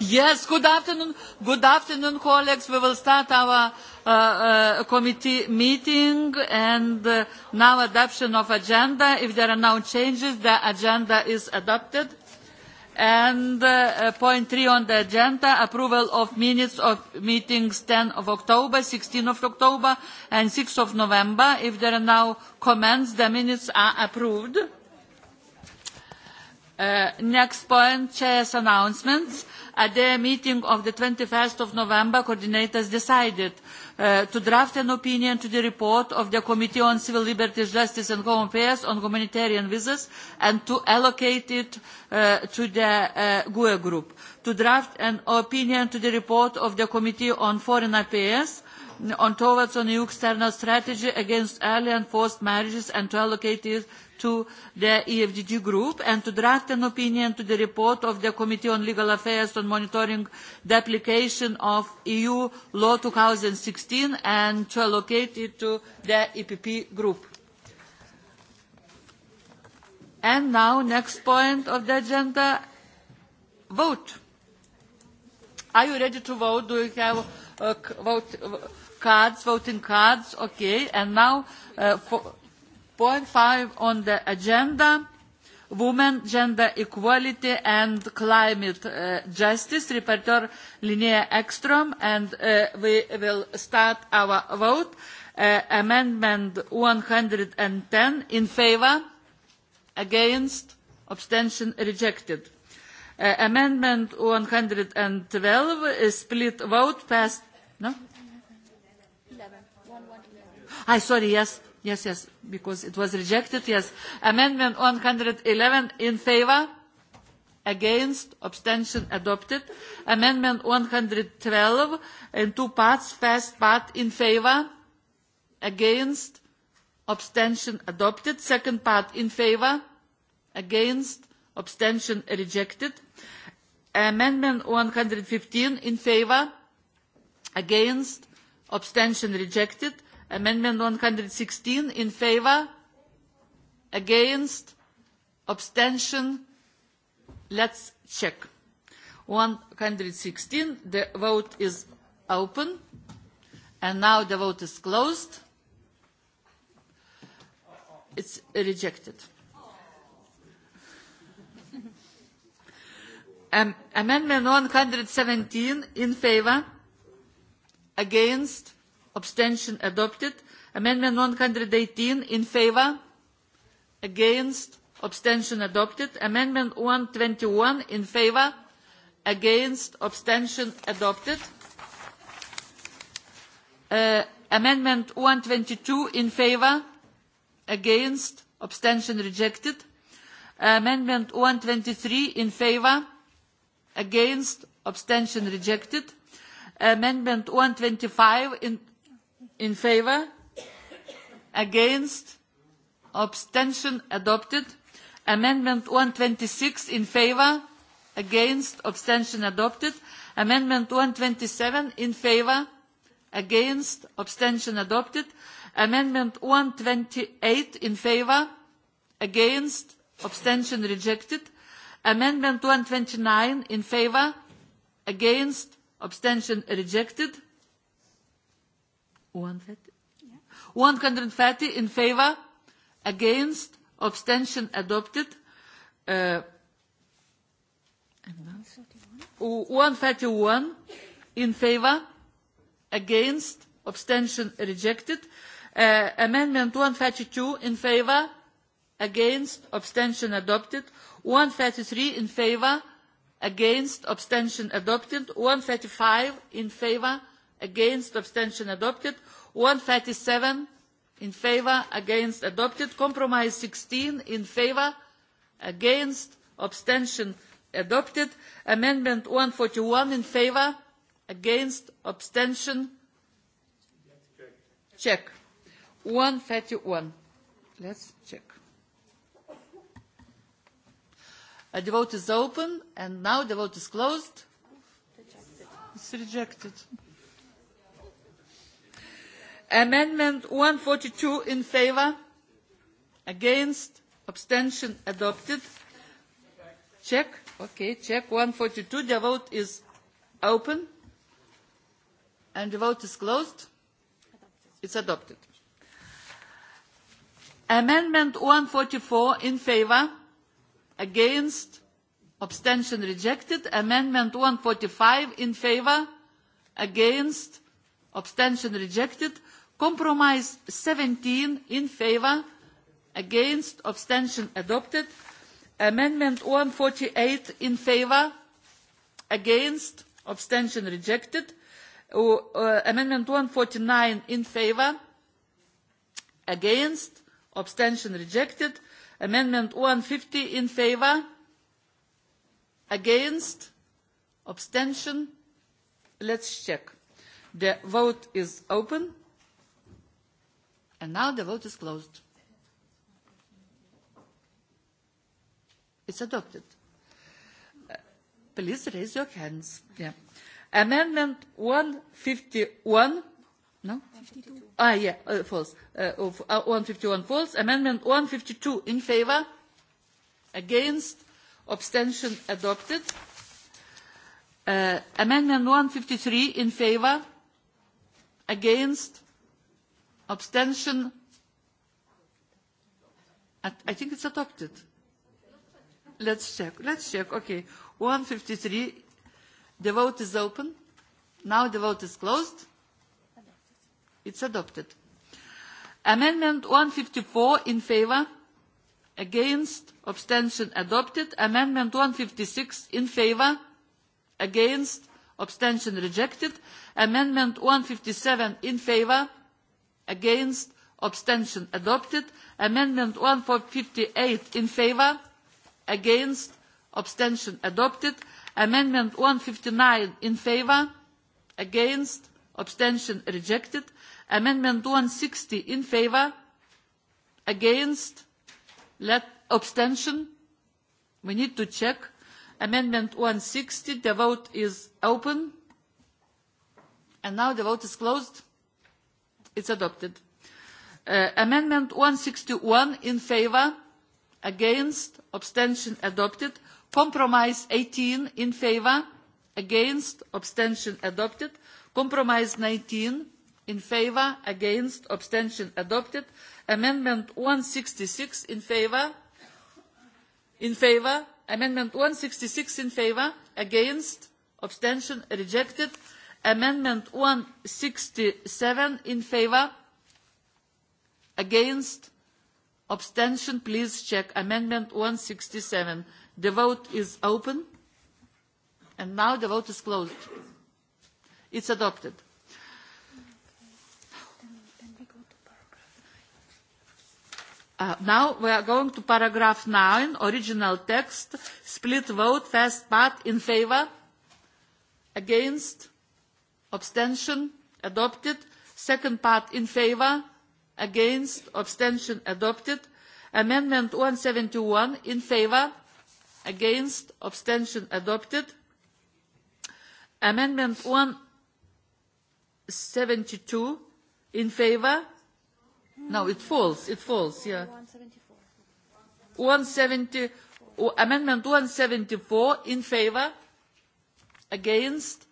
Yes, good afternoon. Good afternoon, colleagues. We will start our uh, uh, committee meeting and uh, now adoption of agenda. If there are no changes, the agenda is adopted. And uh, point three on the agenda, approval of minutes of meetings 10 of October, 16 of October, and 6 of November. If there are no comments, the minutes are approved next point, Chair's announcements. At their meeting of the 21st of November, coordinators decided to draft an opinion to the report of the Committee on Civil Liberties, Justice and Home Affairs on humanitarian visas and to allocate it to the GUE group. To draft an opinion to the report of the Committee on Foreign Affairs on towards a new external strategy against early and forced marriages and to allocate it to the EFDG group and to draft an opinion to the report of the Committee on Legal Affairs on monitoring the application of EU law 2016 and to allocate it to the EPP group. And now, next point of the agenda, vote. Are you ready to vote? Do you have a vote? cards, voting cards. Okay, and now uh, for point five on the agenda women, gender equality and climate uh, justice, reporter Linnea Ekstrom, and uh, we will start our vote. Uh, amendment 110 in favor, against, abstention rejected. Uh, amendment 112 is split vote passed. No? I sorry, yes, yes, yes, because it was rejected, yes. Amendment 111 in favor, against, abstention adopted. Amendment 112 in two parts, first part in favor, against, abstention adopted. Second part in favor, against, abstention rejected. Amendment 115 in favor, against, abstention rejected. Amendment one hundred sixteen in favour? Against? Abstention? Let's check. One hundred sixteen. The vote is open. And now the vote is closed. It's rejected. Amendment one hundred seventeen in favour? Against? abstention adopted amendment one hundred and eighteen in favour against abstention adopted amendment one hundred and twenty one in favour against abstention adopted amendment one hundred and twenty two in favour against abstention rejected amendment one hundred and twenty three in favour against abstention rejected amendment one hundred and twenty five in in favor against abstention adopted amendment one hundred and twenty six in favor against abstention adopted amendment one hundred and twenty seven in favor against abstention adopted amendment one hundred and twenty eight in favor against abstention rejected amendment one hundred and twenty nine in favor against abstention rejected 130? in favor, against, abstention adopted. Uh, 131 in favor, against, abstention rejected. Uh, amendment 132 in favor, against, abstention adopted. 133 in favor, against, abstention adopted. 135 in favor, against abstention adopted one hundred thirty seven in favour against adopted compromise sixteen in favour against abstention adopted amendment one hundred and forty one in favour against abstention check one hundred and thirty one let's check the vote is open and now the vote is closed it's rejected amendment one hundred and forty two in favour against abstention adopted check okay check one hundred and forty two the vote is open and the vote is closed it's adopted amendment one hundred and forty four in favour against abstention rejected amendment one hundred and forty five in favour against abstention rejected compromise seventeen in favour against abstention adopted amendment one hundred and forty eight in favour against abstention rejected amendment one hundred and forty nine in favour against abstention rejected amendment one hundred and fifty in favour against abstention let's check The vote is open. And now the vote is closed. It's adopted. Please raise your hands. Yeah. Amendment 151. No? 52. Ah, yeah, uh, false. Uh, of, uh, 151 false. Amendment 152 in favor. Against. Abstention adopted. Uh, amendment 153 in favor against abstention i think it's adopted let's check let's check okay 153 the vote is open now the vote is closed it's adopted amendment 154 in favor against abstention adopted amendment 156 in favor against abstention rejected amendment one hundred and fifty seven in favour against abstention adopted amendment one hundred and fifty eight in favour against abstention adopted amendment one hundred and fifty nine in favour against abstention rejected amendment one hundred and sixty in favour against abstention we need to check Amendment one hundred and sixty, the vote is open. And now the vote is closed. It's adopted. Uh, amendment sixty one in favour, against, abstention adopted. Compromise eighteen in favour, against, abstention adopted. Compromise nineteen in favour, against, abstention adopted. Amendment one hundred and sixty six in favour, in favour, amendment one hundred and sixty six in favour against abstention rejected amendment one hundred and sixty seven in favour against abstention please check amendment one hundred and sixty seven the vote is open and now the vote is closed it's adopted now we are going to paragraph 9, original text, split vote, first part, in favor, against, abstention, adopted, second part, in favor, against, abstention, adopted, amendment 171, in favor, against, abstention, adopted, amendment 172, in favor, No, it falls. It falls, yeah. 174. 170, amendment 174 in favor, against,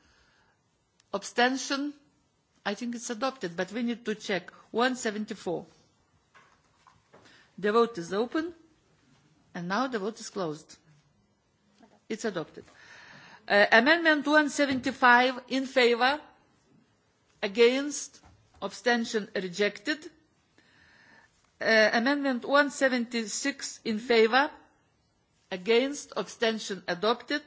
abstention. I think it's adopted, but we need to check. 174. The vote is open, and now the vote is closed. It's adopted. Uh, amendment 175 in favor, against, abstention rejected. Amendment Uh, seventy six in favor, against, abstention adopted.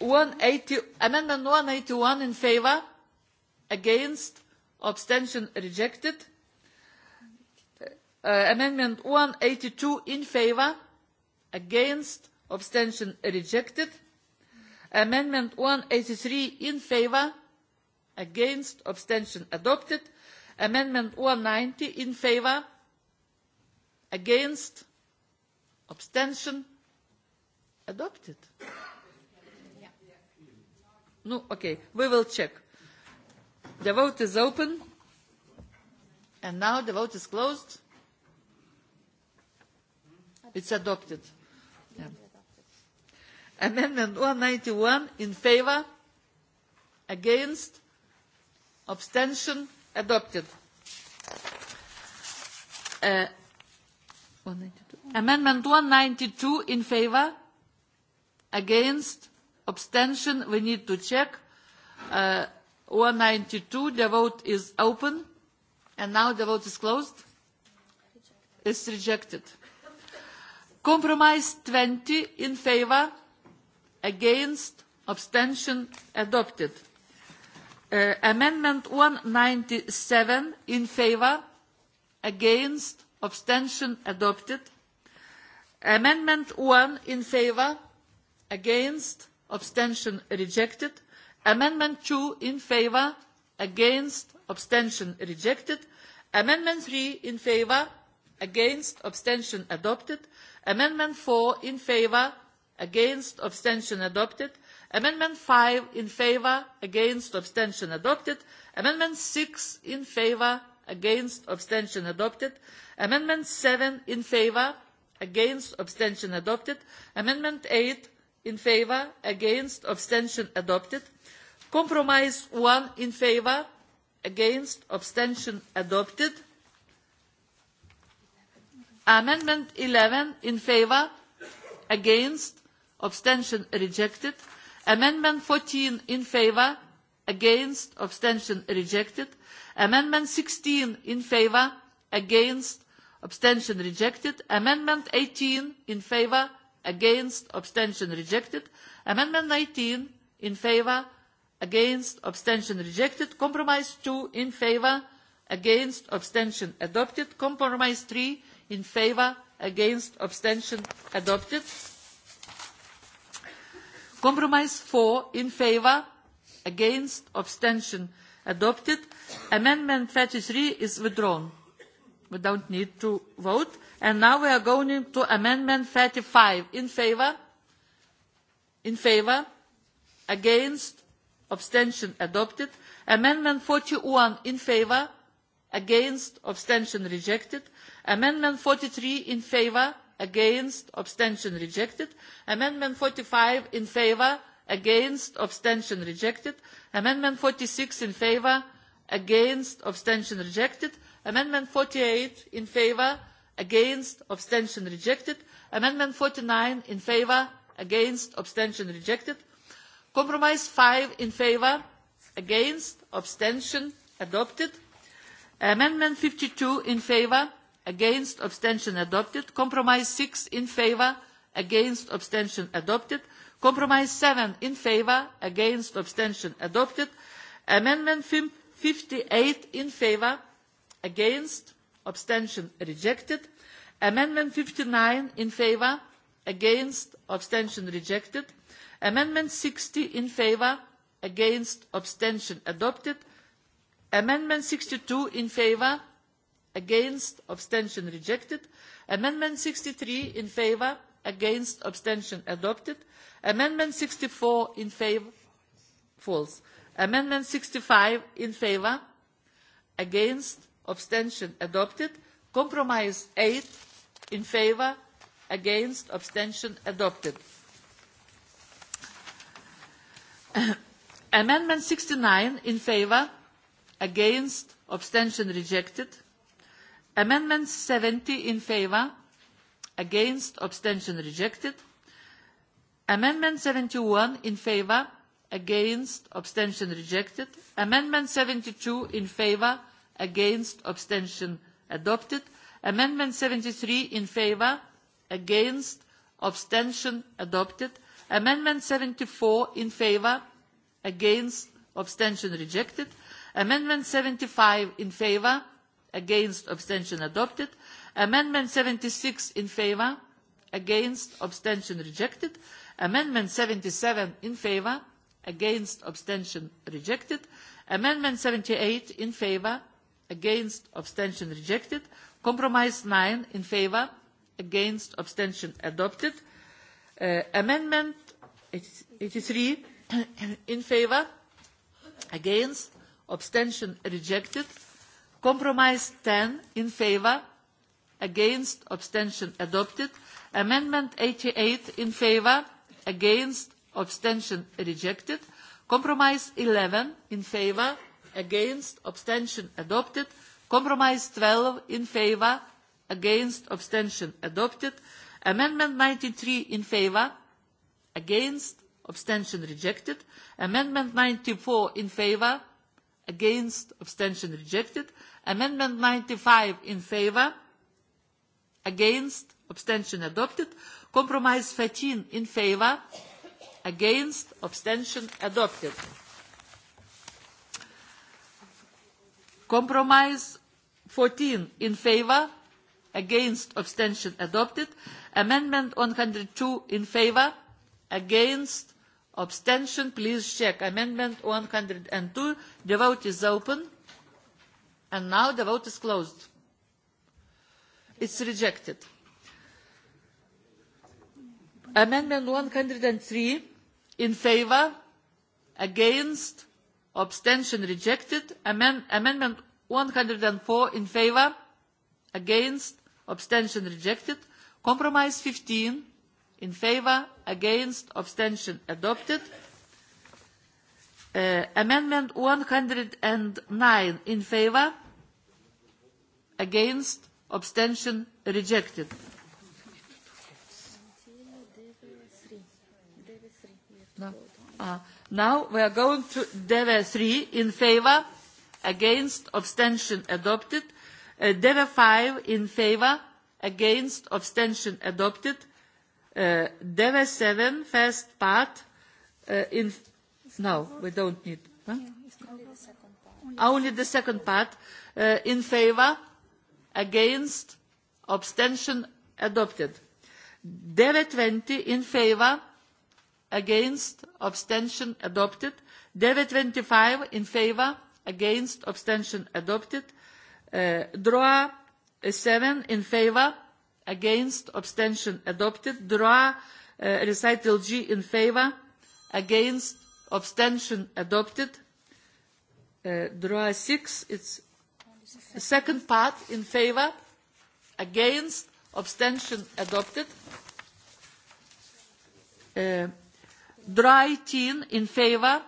Amendment and eighty one in favor, against, abstention rejected. Amendment Uh, eighty two in favor, against, abstention rejected. Amendment one eighty three in favour. against, abstention adopted. Amendment one ninety in favour? Against? Abstention? Adopted. No, okay, we will check. The vote is open. And now the vote is closed. It's adopted. Yeah. Amendment 191 in favour, against, abstention, Adopted. Uh, 192. Amendment 192 in favor? Against? Abstention? We need to check. Uh, 192, the vote is open. And now the vote is closed. It's rejected. Compromise 20 in favor? Against? Abstention? Adopted. Uh, amendment 197 in favor, against, abstention adopted. Amendment 1 in favor, against, abstention rejected. Amendment 2 in favor, against, abstention rejected. Amendment 3 in favor, against, abstention adopted. Amendment 4 in favor, against, abstention adopted. Amendment five in favour, against, abstention adopted. Amendment six in favour, against, abstention adopted. Amendment seven in favour, against, abstention adopted. Amendment eight in favour, against, abstention adopted. Compromise one in favour, against, abstention adopted. Amendment eleven in favour, against, abstention rejected. Amendment fourteen in favour, against, abstention rejected. Amendment sixteen in favour, against, abstention rejected. Amendment eighteen in favour, against, abstention rejected. Amendment nineteen in favour, against, abstention rejected. Compromise two in favour, against, abstention adopted. Compromise three in favour, against, abstention adopted. Compromise four in favour, against, abstention adopted. Amendment thirty three is withdrawn. We don't need to vote. And now we are going to Amendment thirty five In favour? In favour? Against? Abstention adopted. Amendment forty one in favour? Against? Abstention rejected. Amendment forty three in favour? against abstention rejected amendment forty five in favour against abstention rejected amendment forty six in favour against abstention rejected amendment forty eight in favour against abstention rejected amendment forty nine in favour against abstention rejected compromise five in favour against abstention adopted amendment fifty two in favour against abstention adopted compromise six in favour against abstention adopted compromise seven in favour against abstention adopted amendment fifty eight in favour against abstention rejected amendment fifty nine in favour against abstention rejected amendment sixty in favour against abstention adopted amendment sixty two in favour against abstention rejected amendment sixty three in favour against abstention adopted amendment sixty four in favour false amendment sixty five in favour against abstention adopted compromise eight in favour against abstention adopted amendment sixty nine in favour against abstention rejected Amendment seventy in favour, against, abstention rejected. Amendment seventy one in favour, against, abstention rejected. Amendment seventy two in favour, against, abstention adopted. Amendment seventy three in favour, against, abstention adopted. Amendment seventy four in favour, against, abstention rejected. Amendment seventy five in favour, against abstention adopted amendment seventy six in favour against abstention rejected amendment seventy seven in favour against abstention rejected amendment seventy eight in favour against abstention rejected compromise nine in favour against abstention adopted amendment eighty three in favour against abstention rejected Compromise ten in favour. against, abstention adopted. Amendment eighty eight in favour. against, abstention rejected. Compromise eleven in favour. against, abstention adopted. Compromise twelve in favour. against, abstention adopted. Amendment ninety three in favour. against, abstention rejected. Amendment four in favour against abstention rejected amendment 95 in favor against abstention adopted compromise 13 in favor against abstention adopted compromise 14 in favor against abstention adopted amendment 102 in favor against Abstention, please check. Amendment 102. The vote is open. And now the vote is closed. It's rejected. Amendment 103 in favor, against, abstention rejected. Amen amendment 104 in favor, against, abstention rejected. Compromise 15 in favour against abstention adopted uh, amendment 109 in favour against abstention rejected uh, now we are going to deve 3 in favour against abstention adopted uh, deve 5 in favour against abstention adopted Uh Deve 7, first part, uh in... No, we don't need. Huh? Only the second part. In favor, against, abstention, adopted. Deve 20, in favor, against, abstention, adopted. Deve 25, in favor, against, abstention, adopted. Droa 7, in favor, against abstention adopted dra recital g in favour against abstention adopted dra 6 it's second part in favour against abstention adopted dra 18 in favour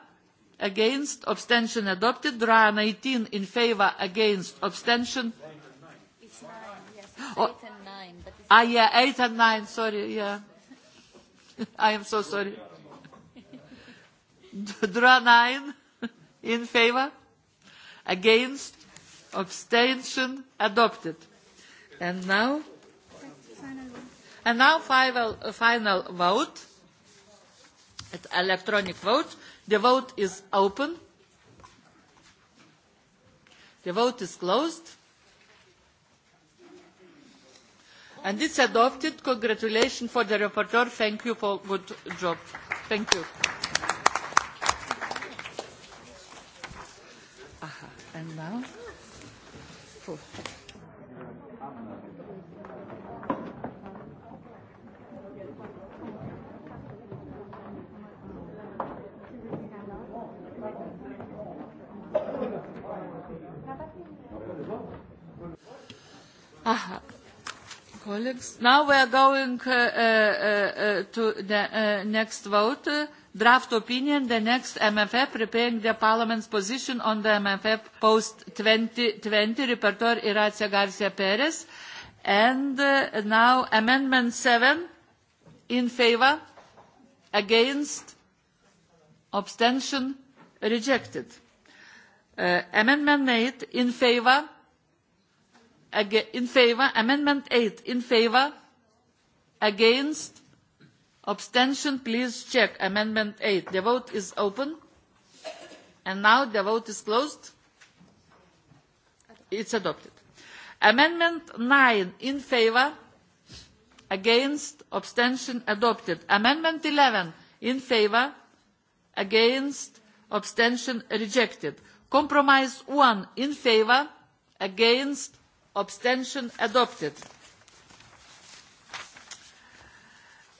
against abstention adopted dra 19 in favour against abstention oh, Ah, yeah, eight and nine, sorry, yeah. I am so sorry. Draw nine in favor, against, abstention, adopted. And now, and now final, final vote, it's electronic vote. The vote is open. The vote is closed. and it is adopted. Congratulations to the rapporteur. Thank you for good job. Thank you. colleagues. Now we are going uh, uh, uh, to the uh, next vote. Uh, draft opinion, the next MFF, preparing the Parliament's position on the MFF post-2020, repertoire Iracia Garcia Perez. And uh, now Amendment 7, in favor, against, abstention, rejected. Uh, amendment 8, in favor, in favour. amendment eight in favour? against abstention please check amendment eight the vote is open and now the vote is closed it's adopted amendment nine in favour? against abstention adopted amendment eleven in favour? against abstention rejected compromise one in favour? against abstention adopted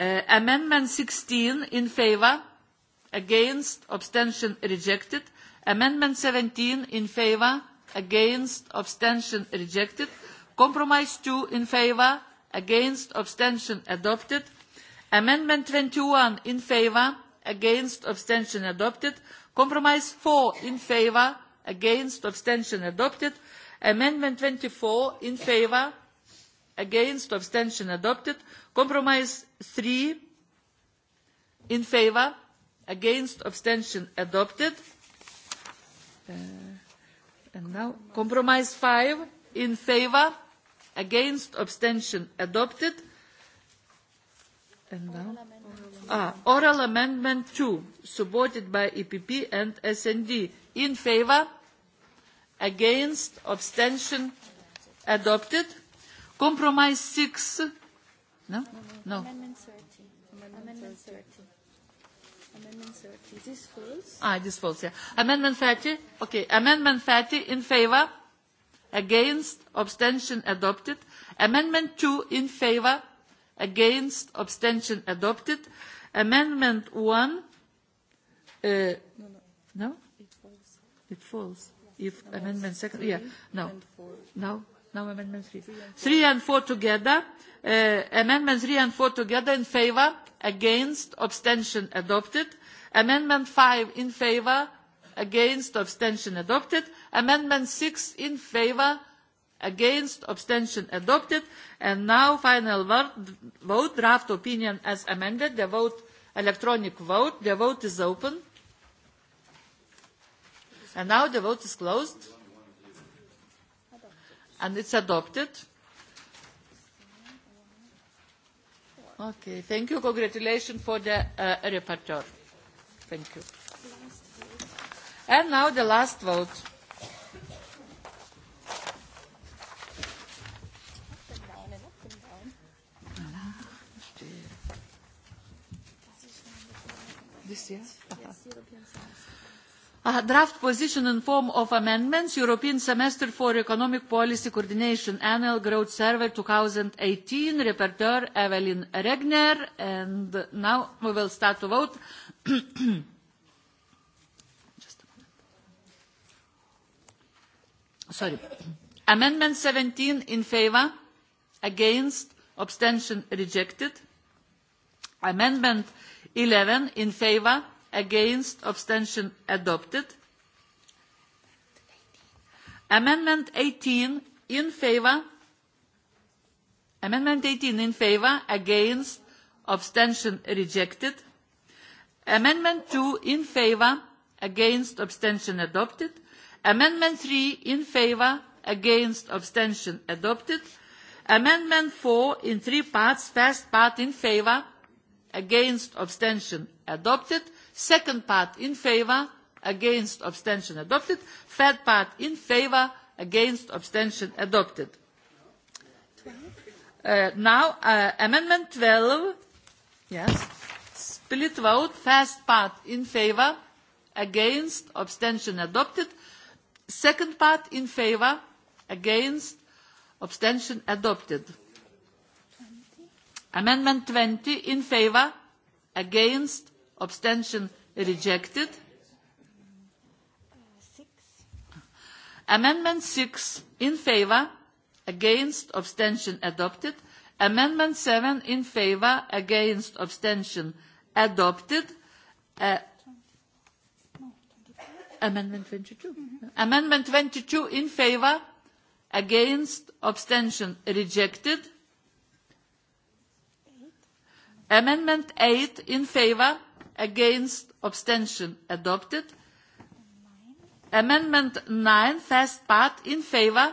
amendment sixteen in favour against abstention rejected amendment seventeen in favour against abstention rejected compromise two in favour against abstention adopted amendment twenty one in favour against abstention adopted compromise four in favour against abstention adopted amendment twenty four in favour against abstention adopted compromise three in favour against abstention adopted and now compromise five in favour against abstention adopted and now ah, oral amendment two supported by epp and sd in favour against abstention adopted compromise six no no amendment 30 amendment 30 Amendment 30. This falls. Ah, this falls, yeah. Amendment 30. Okay. Amendment 30 in favor. Against. Abstention adopted. Amendment 2 in favor. Against. Abstention adopted. Amendment 1. Uh, no, no? It falls. It falls if amendment second, yeah, no, no, no amendment three. Three and four together, uh, amendment three and four together in favor, against, abstention adopted. Amendment five in favor, against, abstention adopted. Amendment six in favor, against, abstention adopted. And now final vote, draft opinion as amended. The vote, electronic vote. The vote is open. And now the vote is closed. And it's adopted. Okay, thank you. Congratulations for the uh, rapporteur. Thank you. And now the last vote. This year? Yes, European a draft position in form of amendments, European Semester for Economic Policy Coordination Annual Growth Survey 2018, Rapporteur Evelyn Regner, and now we will start to vote. Sorry. Amendment 17 in favour, against, abstention rejected. Amendment 11 in favour, against abstention adopted amendment 18 in favor amendment 18 in favor against abstention rejected amendment 2 in favor against abstention adopted amendment 3 in favor against abstention adopted amendment 4 in three parts first part in favor against abstention adopted Second part in favour, against abstention adopted. Third part in favour, against abstention adopted. Uh, now uh, amendment 12. Yes. Split vote. First part in favour, against abstention adopted. Second part in favour, against abstention adopted. Amendment 20 in favour, against abstention rejected amendment six in favour against abstention adopted amendment seven in favour against abstention adopted amendment twenty two amendment twenty two in favour against abstention rejected amendment eight in favour against abstention adopted amendment nine, first part in favour,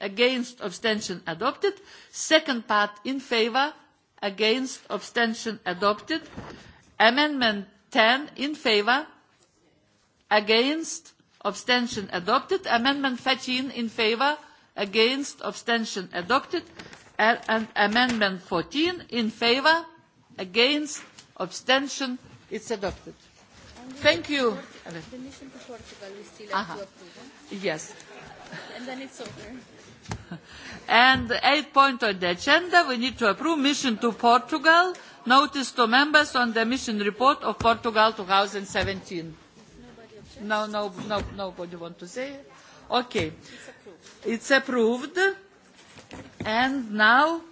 against abstention adopted second part in favour, against abstention adopted amendment ten in favour. against abstention adopted amendment thirteen in favour. against abstention adopted and amendment fourteen in favour. against abstention It's adopted. Thank you. The mission to Portugal we still have to approve. Yes. And then it's over. And the eighth point on the agenda, we need to approve mission to Portugal, notice to members on the mission report of Portugal 2017. No, no, no, nobody want to say. it. Okay. It's approved. And now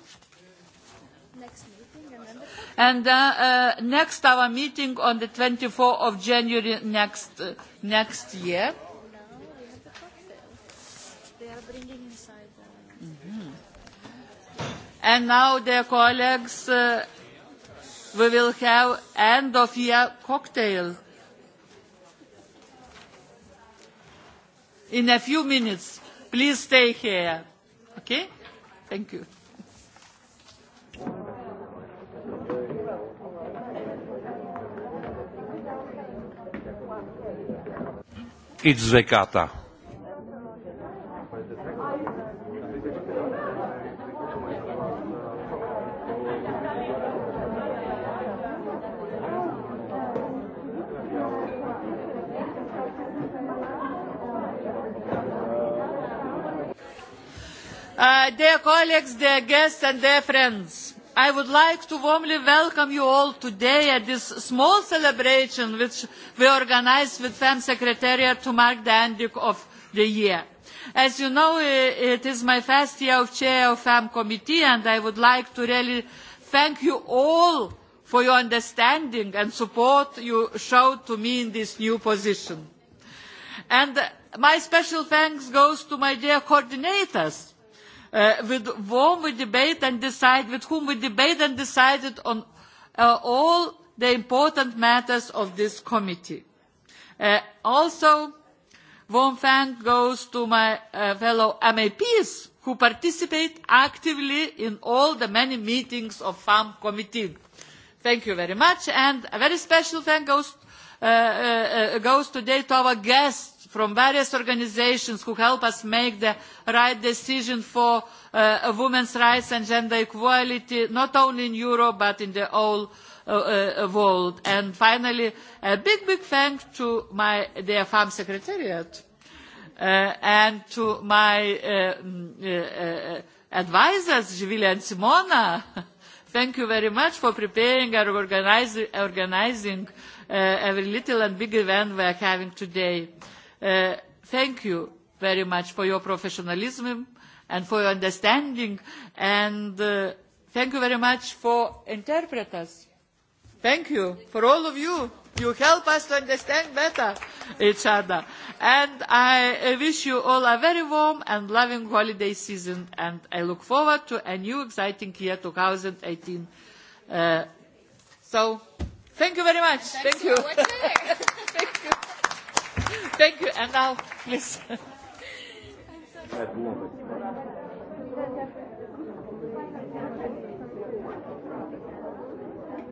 And uh, uh, next our meeting on the 24th of January next, uh, next year. And now, dear colleagues, uh, we will have end of year cocktail in a few minutes. Please stay here. Okay? Thank you. It's zecata. Uh, dear colleagues, dear guests and dear friends. I would like to warmly welcome you all today at this small celebration which we organized with FEM Secretariat to mark the end of the year. As you know, it is my first year of chair of FEM committee and I would like to really thank you all for your understanding and support you showed to me in this new position. And my special thanks goes to my dear coordinators with whom we debate and decide, with whom we debate and decided on uh, all the important matters of this committee. Uh, also, warm thanks goes to my uh, fellow MAPs who participate actively in all the many meetings of FAM committee. Thank you very much, and a very special thank goes, uh, uh, goes today to our guests from various organizations who help us make the right decision for uh, women's rights and gender equality, not only in Europe, but in the whole uh, world. And finally, a big, big thanks to my dear farm secretariat uh, and to my uh, uh, advisors, Jivile and Simona. Thank you very much for preparing and organising organizing uh, every little and big event we are having today thank you very much for your professionalism and for your understanding. And uh, thank you very much for interpreters. Thank you for all of you. You help us to understand better each other. And I wish you all a very warm and loving holiday season. And I look forward to a new exciting year 2018. Uh, so thank you very much. Thanks thank you. thank you. Thank you. And now, please.